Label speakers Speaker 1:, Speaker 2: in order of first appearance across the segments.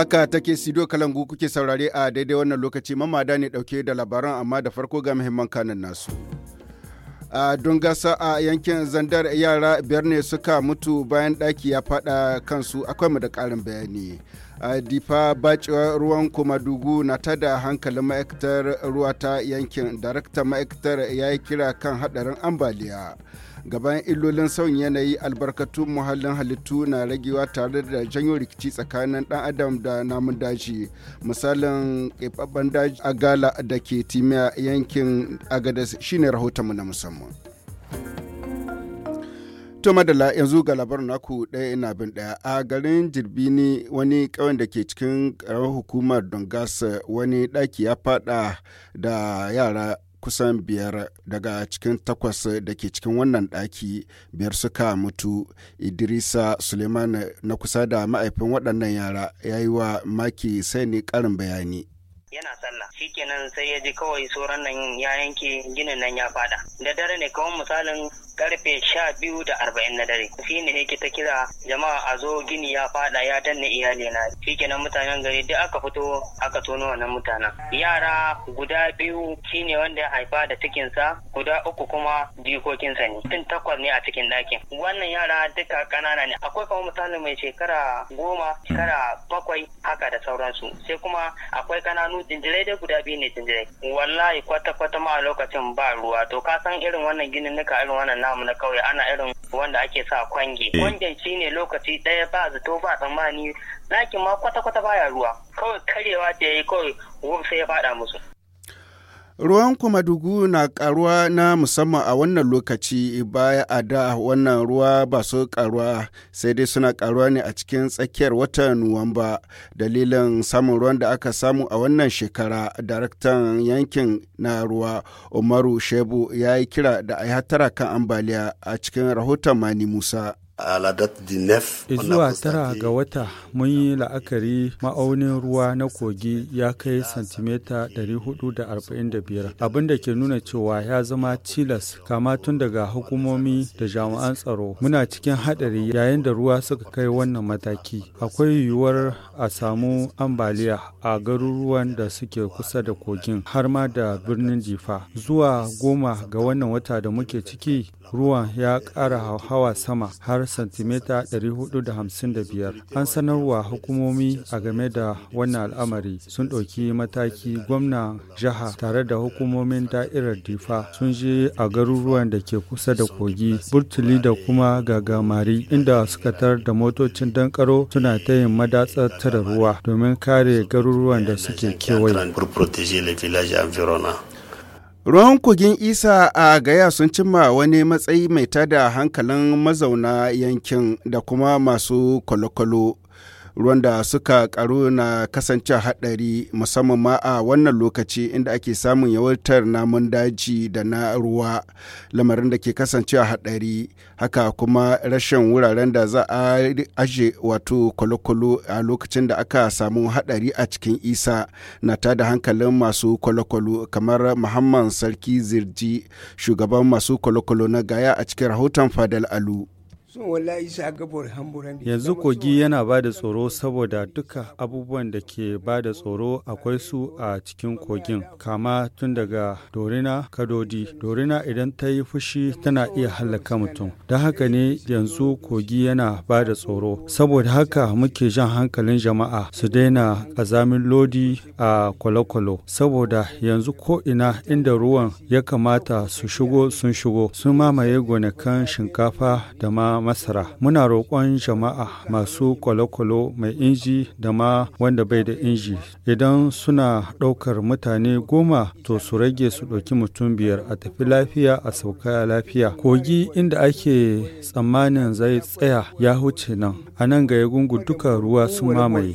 Speaker 1: Haka take Sido Kalangu kuke saurare a daidai wannan lokaci mamada ne dauke da labaran amma da farko ga muhimman kanan nasu. a gasa a yankin zandar yara biyar ne suka mutu bayan daki ya fada kansu akwai mu da karin bayani a difa bacewar ruwan komadugu na tada hankalin ma'aikatar ruwa ta yankin darakta ma'aikatar ya yi kira kan haɗarin ambaliya gaban illolin sauyin yanayi albarkatun muhallin halittu na ragewa tare da janyo rikici tsakanin dan adam da namun daji misalin keɓaɓɓen daji a gala da ke timiya yankin agadas shine rahotonmu na musamman To madala yanzu ga labarin naku ɗaya ina bin ɗaya a garin Jirbini wani ƙauyen da ke cikin ƙaramar hukumar Dongas wani ɗaki ya faɗa da yara kusan biyar daga cikin takwas da ke cikin wannan ɗaki biyar suka mutu idrisa suleiman na kusa da ma'aifin waɗannan yara ya yi wa maki sai ne ƙarin bayani
Speaker 2: yana sallah shi kenan sai ya ji kawai tsoron nan ya yanke ginin nan ya fada da dare ne kawai misalin karfe sha biyu da arba'in na dare shi ne yake ta kira jama'a a zo gini ya fada ya danne iyali na shikenan mutanen gari duk aka fito aka tono wannan mutanen yara guda biyu shine wanda ya haifa da cikinsa guda uku kuma jikokinsa ne tun takwas ne a cikin ɗakin wannan yara duka ƙanana ne akwai kamar misali mai shekara goma shekara bakwai haka da sauransu sai kuma akwai ƙananu jinjirai dai guda biyu ne jinjirai wallahi kwata-kwata ma a lokacin ba ruwa to ka san irin wannan ginin nika irin wannan namu na kauye ana irin wanda ake sa kwange eh. kwangen shine lokaci ɗaya ba zato ba tsammani ɗakin ma kwata-kwata baya ruwa kawai karewa da ya yi kawai wuf sai ya faɗa musu
Speaker 1: Ruwan Kumadugu na karuwa na musamman a wannan lokaci baya a da wannan ruwa ba su karuwa sai dai suna karuwa ne a cikin tsakiyar watan Nuwamba. Dalilin samun ruwan da aka samu a wannan shekara, daraktan yankin na ruwa Umaru Shebu ya yi kira da a kan ambaliya a cikin rahoton Mani Musa. Zuwa
Speaker 2: tara ga wata mun yi la'akari ma'aunin ruwa na kogi ya kai santimeta 445 abin da ke nuna cewa ya zama tilas kama tun daga hukumomi da jami'an tsaro muna cikin haɗari yayin da ruwa suka kai wannan mataki akwai yiwuwar a samu ambaliya a garuruwan da suke kusa da kogin har ma da birnin jifa zuwa goma ga wannan wata da muke ciki ruwan ya ƙara hawa sama har santimita 455 an sanarwa hukumomi a game da wannan al'amari sun ɗauki mataki gwamna jiha tare da hukumomin da'irar difa sun je a garuruwan da ke kusa da kogi burtuli da kuma gagamari inda suka tar da motocin dankaro suna ta yin madatsar tare ruwa domin kare garuruwan da suke kewaye
Speaker 1: Ruwan kogin Isa a Gaya sun cimma wani matsayi mai tada hankalin mazauna yankin da kuma masu kwalokwalo. ruwan da suka karu na kasance haɗari musamman ma a wannan lokaci inda ake samun yawaitar namun daji da na ruwa lamarin da ke kasance haɗari haka kuma rashin wuraren da za a aje wato kwalokwalo a lokacin da aka samu haɗari a cikin isa na tada hankalin masu kwalokwalo kamar muhammad sarki zirji shugaban masu kwalokwalo na gaya a cikin rahoton fadal alu Yanzu kogi yana ba da tsoro saboda duka abubuwan da ke ba da tsoro
Speaker 2: akwai su a cikin kogin, kama tun daga dorina kadodi. Dorina idan ta yi fushi tana iya hallaka mutum. Don haka ne yanzu kogi yana ba da tsoro. Saboda haka muke jan hankalin jama'a su daina kazamin lodi a kwalokwalo. Saboda yanzu ko ina inda ruwan ya kamata su shigo sun shigo sun mamaye gonakan shinkafa da ma masara muna roƙon jama'a masu kwalokwalo mai inji da ma wanda bai da inji idan suna ɗaukar mutane goma to su rage su ɗauki mutum biyar a tafi lafiya a sauka lafiya kogi inda ake tsammanin zai tsaya ya huce nan a nan ga ya gungu duka ruwa sun mamaye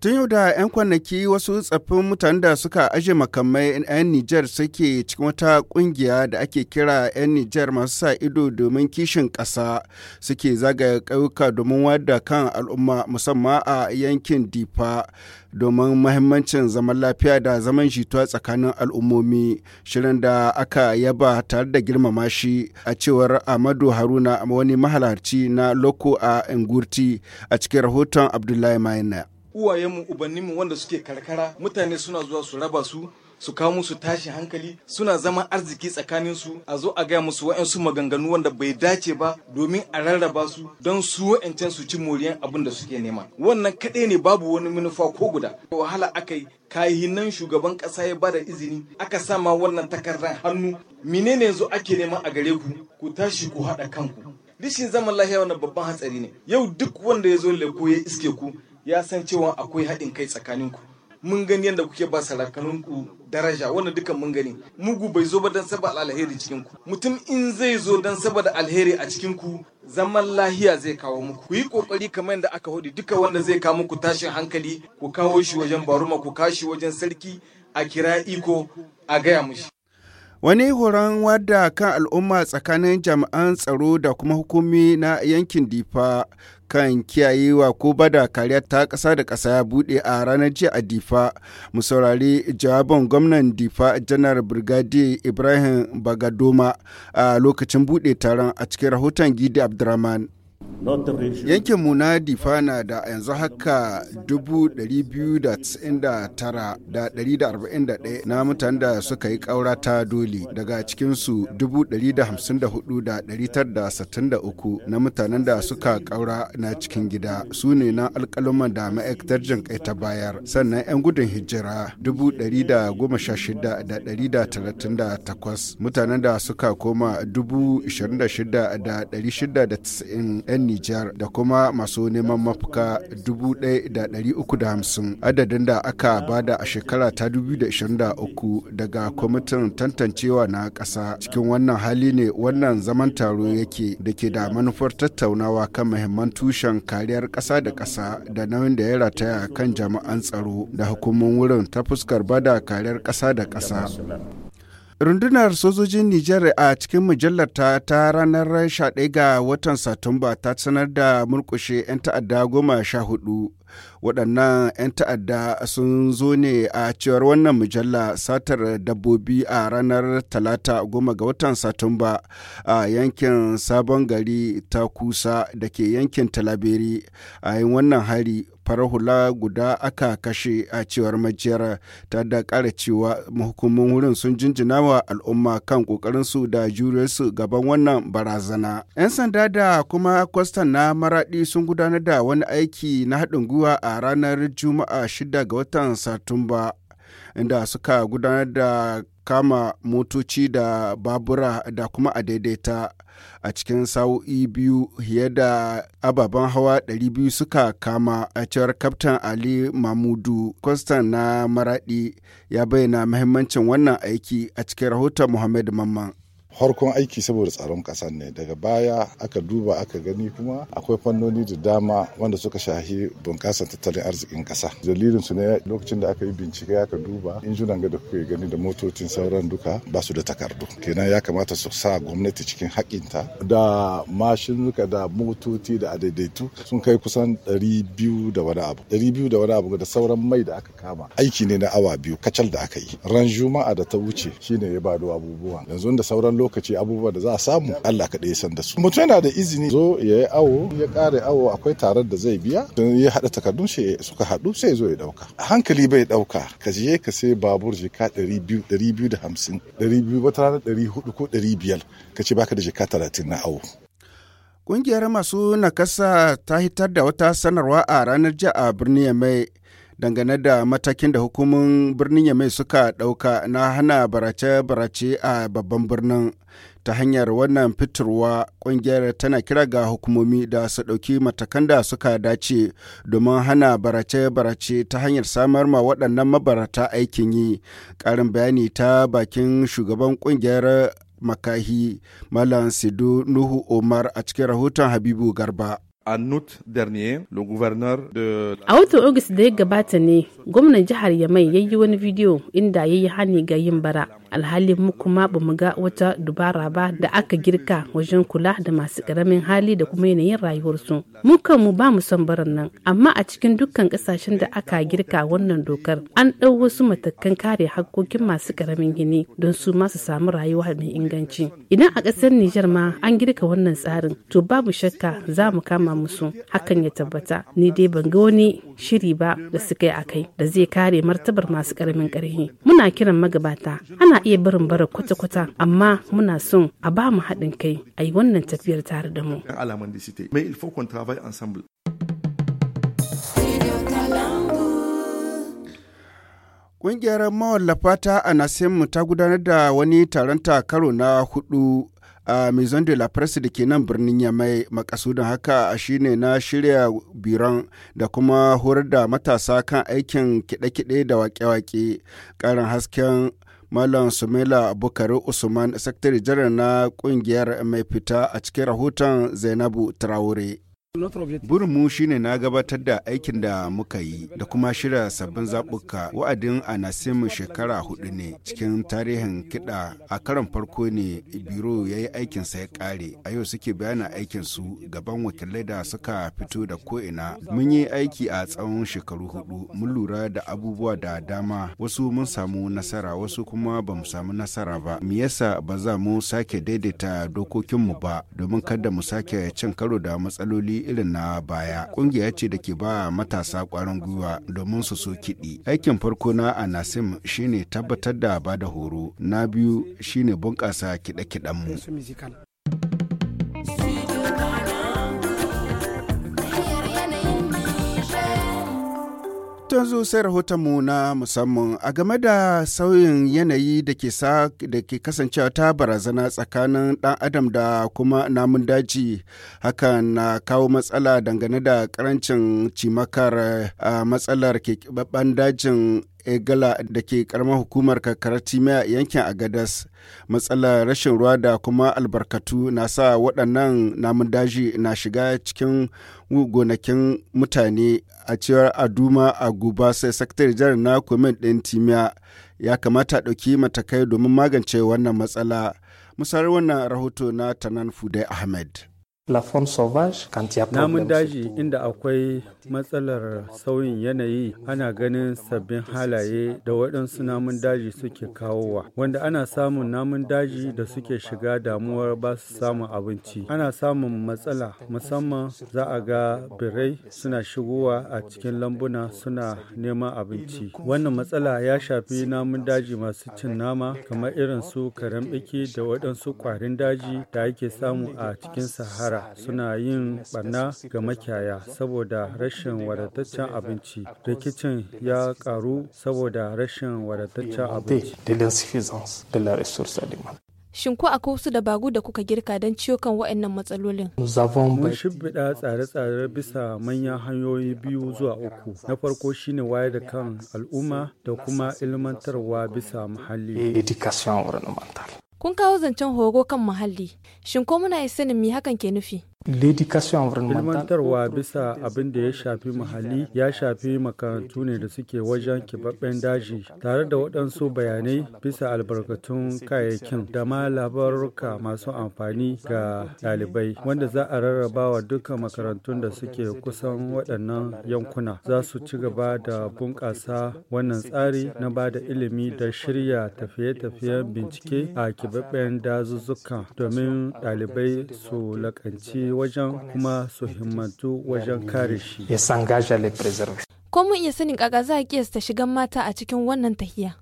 Speaker 1: Tun yau da 'yan kwanaki wasu tsaffin mutane da suka aje makamai 'yan Nijar suke cikin wata kungiya da ake kira 'yan Nijar masu sa ido domin kishin ƙasa suke zagaya ƙauyuka domin wada kan al'umma musamman a yankin Difa domin mahimmancin zaman lafiya da zaman jituwa tsakanin al'ummomi shirin da aka yaba tare da girmama shi a cewar Amadu Haruna wani mahalarci na Loko a Ingurti a cikin rahoton Abdullahi Maina. uwayenmu ubanninmu wanda suke karkara mutane suna zuwa su raba su su kawo musu tashi hankali suna zama arziki tsakanin su a zo a gaya musu wa'yansu maganganu wanda bai dace ba domin a rarraba su don su wa'yancan su ci moriyan abin da suke nema wannan kaɗai ne babu wani manufa ko guda wahala aka yi kayi nan shugaban ƙasa ya bada izini aka sama wannan takardar hannu menene yanzu ake nema a gare ku ku tashi ku haɗa kanku rishin zaman lahiya wannan babban hatsari ne yau duk wanda ya zo leko ya iske ku ya san cewa akwai haɗin kai tsakaninku mun gani yadda kuke ba sarakaninku daraja wanda dukan mun gani mugu bai zo ba don saba alheri cikin ku mutum in zai zo don saba da alheri a cikin ku zaman lahiya zai kawo muku ku yi kokari kamar yadda aka hudu duka wanda zai kawo muku tashin hankali ku kawo shi wajen baruma ku shi wajen sarki a kira iko a gaya mushi Wani horon wada kan al'umma tsakanin jami'an tsaro da kuma hukumi na yankin Difa kan kiyayewa ko bada kariya ta ƙasa da ƙasa ya buɗe a ranar jiya a Difa. Mu saurari jawabin gwamnan Difa janar Brigadier Ibrahim Bagadoma a lokacin buɗe taron a cikin rahoton Gidi Abdurrahman. Yankin mu na Difana da yanzu haka 299,141 na mutanen da suka yi ƙaura ta dole daga cikinsu 154,963 na mutanen da suka ƙaura na cikin gida su ne na alƙaluman da ma'aikatar jin kai ta bayar sannan 'yan gudun hijira 116,138 mutanen da suka koma 26,690 'yan Nijar da kuma masu neman mafuka 1,350 adadin da aka bada a shekara ta 2023 daga kwamitin tantancewa na ƙasa cikin wannan hali ne wannan zaman taro yake da ke da manufar tattaunawa kan muhimman tushen kariyar ƙasa da ƙasa da nauyin da ya rataya kan jama'an tsaro da hukumomin wurin ta fuskar bada kariyar ƙasa da ƙasa. Rundunar sojojin Nijar a cikin mujallarta ta ranar 11 ga watan Satumba ta sanar da murkushe 'yan ta'adda goma sha hudu. Waɗannan 'yan ta'adda sun zo ne a cewar wannan mujalla satar dabbobi a ranar talata goma ga watan Satumba a yankin Sabon Gari ta Kusa da ke yankin Talaberi a yin wannan hari farar hula guda aka kashe a cewar majiyar ta da ƙara cewa mahukumin wurin sun jinjina wa al'umma kan ƙoƙarinsu da juriyarsu gaban wannan barazana. 'Yan sanda da kuma kwastan na maraɗi sun gudanar da wani aiki na haɗin gwiwa a ranar Juma'a 6 ga watan Satumba inda suka gudanar da kama motoci da babura da kuma a daidaita a cikin sa'o'i biyu fiye da ababen hawa 200 suka kama a cewar kaftan ali mamudu kwastan na maradi ya bayyana mahimmancin wannan aiki a cikin rahoton muhammad mamman harkon aiki saboda tsaron ƙasa ne daga baya aka duba aka gani kuma akwai fannoni da dama wanda suka shahi bunƙasar tattalin arzikin ƙasa dalilin su ne lokacin da aka yi bincike aka duba injunan ga da kuke gani da motocin sauran duka ba su da takardu kenan ya kamata su sa gwamnati cikin haƙinta da mashinuka da motoci da adaidaitu sun kai kusan ɗari biyu da wani abu ɗari biyu da wani abu da sauran mai da aka kama aiki ne na awa biyu kacal da aka yi ran juma'a da ta wuce shine ya bado abubuwa yanzu da sauran lokaci abubuwa da za a samu Allah ka ya san da su mutum yana da izini zo ya yi awo ya ƙare awo akwai taron da zai biya don ya haɗa takardun shi suka haɗu sai zo ya ɗauka hankali bai ɗauka ka je ka sai babur jika ɗari biyu ɗari biyu da hamsin ɗari biyu wata rana ɗari hudu ko ɗari biyar ka ce baka da jika talatin na awo Ƙungiyar masu nakasa ta hitar da wata sanarwa a ranar jiya a birnin mai. dangane da matakin da hukumin birnin Yamai suka ɗauka na hana barace-barace a babban birnin. Ta hanyar wannan fitarwa ƙungiyar tana kira ga hukumomi da su ɗauki matakan da suka dace domin hana barace-barace ta hanyar samar ma waɗannan mabarata aikin yi. Ƙarin bayani ta bakin shugaban ƙungiyar makahi Malam Sidu Nuhu Omar a cikin rahoton Habibu Garba. en août dernier, le gouverneur de A watan August da ya gabata ne, gwamnan jihar Yamai ya yi wani bidiyo inda ya yi hani ga yin bara alhali mu kuma ba mu ga wata dubara ba da aka girka wajen kula da masu karamin hali da kuma yanayin rayuwarsu mu mu ba mu son barin nan amma a cikin dukkan kasashen da aka girka wannan dokar an ɗau wasu matakan kare hakkokin masu karamin gini don su ma su samu rayuwa mai inganci idan a ƙasar Nijar ma an girka wannan tsarin to babu shakka za mu kama musu hakan ya tabbata ni dai ban ga wani shiri ba da suka a kai. da zai kare martabar masu karamin ƙarfi muna kiran magabata ana iya barin bara kwata-kwata amma muna son a ba mu haɗin kai a yi wannan tafiyar tare da mu. Ƙungiyar mawallafa ta Anasim ta gudanar da wani taron karo na hudu a maison de la presse da ke nan birnin yamai makasudin haka shine na shirya biran da kuma horar da matasa kan aikin kide-kide da wake-wake karin hasken Malam Sumela Bukari Usman, Sakatare Janar na ƙungiyar mai fita a cikin rahoton Zainabu Traore. Burinmu shine na gabatar da aikin da muka yi da kuma shirya sabbin zaɓuka wa'adin a Nasimu shekara hudu ne cikin tarihin kiɗa a karon farko ne biro ya yi aikinsa ya ƙare a yau suke bayana aikin su gaban wakilai da suka fito da ko'ina mun yi aiki a tsawon shekaru hudu mun lura da abubuwa da dama wasu mun samu nasara wasu kuma ba mu samu nasara ba me yasa ba za mu sake daidaita dokokinmu ba domin kada mu sake cin karo da matsaloli irin na baya ƙungiya ce da ke ba matasa kwarin gwiwa domin su so kiɗi aikin farko na anasim shine tabbatar da ba da horo na biyu shine bunƙasa kiɗe-kiɗenmu kiɗen yanzu sai rahotonmu na musamman a game da sauyin yanayi da ke kasancewa ta barazana tsakanin dan adam da kuma namun daji hakan na kawo matsala dangane da karancin cimakar a matsalar keɓaɓɓen dajin egala da ke karamar hukumar karkarar timiya yankin agadas matsalar rashin ruwa da kuma albarkatu na sa waɗannan namun daji na shiga cikin gonakin mutane a cewar aduma a guba sai sakatare jihar na komen ɗin timiya ya kamata ɗauki matakai domin magance wannan matsala musarar wannan rahoto na tanan fudai ahmed Namun daji
Speaker 2: inda akwai matsalar sauyin yanayi ana ganin sabbin halaye da wadansu namun daji suke kawowa, wanda ana samun namun daji da suke shiga damuwar ba su samun abinci. Ana samun matsala musamman za a ga birai suna shigowa a cikin lambuna suna neman abinci. Wannan matsala ya shafi namun daji masu cin nama kamar irin su karambiki da waɗansu ƙwarin daji da ake samu a cikin Sahara. suna yin barna ga makiyaya saboda rashin wadataccen abinci rikicin ya karu saboda rashin wadataccen abinci Shin ko akwai wasu dabaru da kuka girka don ciyo kan waɗannan matsalolin? Mun shimfiɗa tsare-tsare bisa manyan hanyoyi biyu zuwa uku. Na farko shine wayar da kan al'umma da kuma ilmantarwa bisa muhalli. Kun kawo zancen horo kan muhalli, shin ko muna sanin mi hakan ke nufi? ilmantarwa bisa abin da ya shafi muhalli ya shafi makarantu ne da suke wajen kibabben daji tare da waɗansu bayanai bisa albarkatun kayayyakin da ma labaruka masu amfani ga ɗalibai wanda za a rarraba wa dukkan makarantun da suke kusan waɗannan yankuna za su ci gaba da bunƙasa wannan tsari na ba da ilimi da shirya tafiye-tafiyen bincike a kibabben dazuzzuka domin ɗalibai su lakanci wajen kuma su himmatu wajen kare shi ko mun iya sanin kaka za a kiyasta shigan mata a cikin wannan tahiya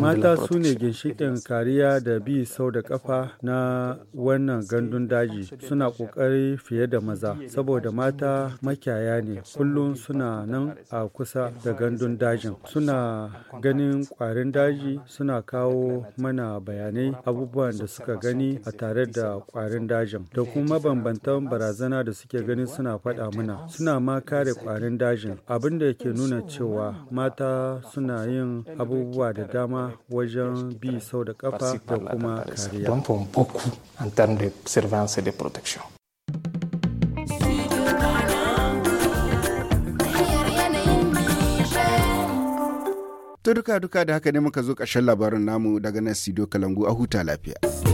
Speaker 2: mata su ne ginshiƙin kariya da bi sau da kafa na wannan gandun daji suna ƙoƙari fiye da maza saboda mata makiyaya ne kullum suna nan a kusa da gandun dajin suna ganin ƙwarin daji suna kawo mana bayanai abubuwan da suka gani a tare da ƙwarin dajin da kuma mabambantan barazana da suke gani suna faɗa mana suna ma kare ƙwarin dajin abinda da ke nuna cewa mata suna yin abubuwan abubuwa da dama wajen bi sau da kafa da kuma
Speaker 1: kariya. To duka-duka da haka ne muka zo ƙarshen labarin namu daga nan Sido Kalangu a huta lafiya.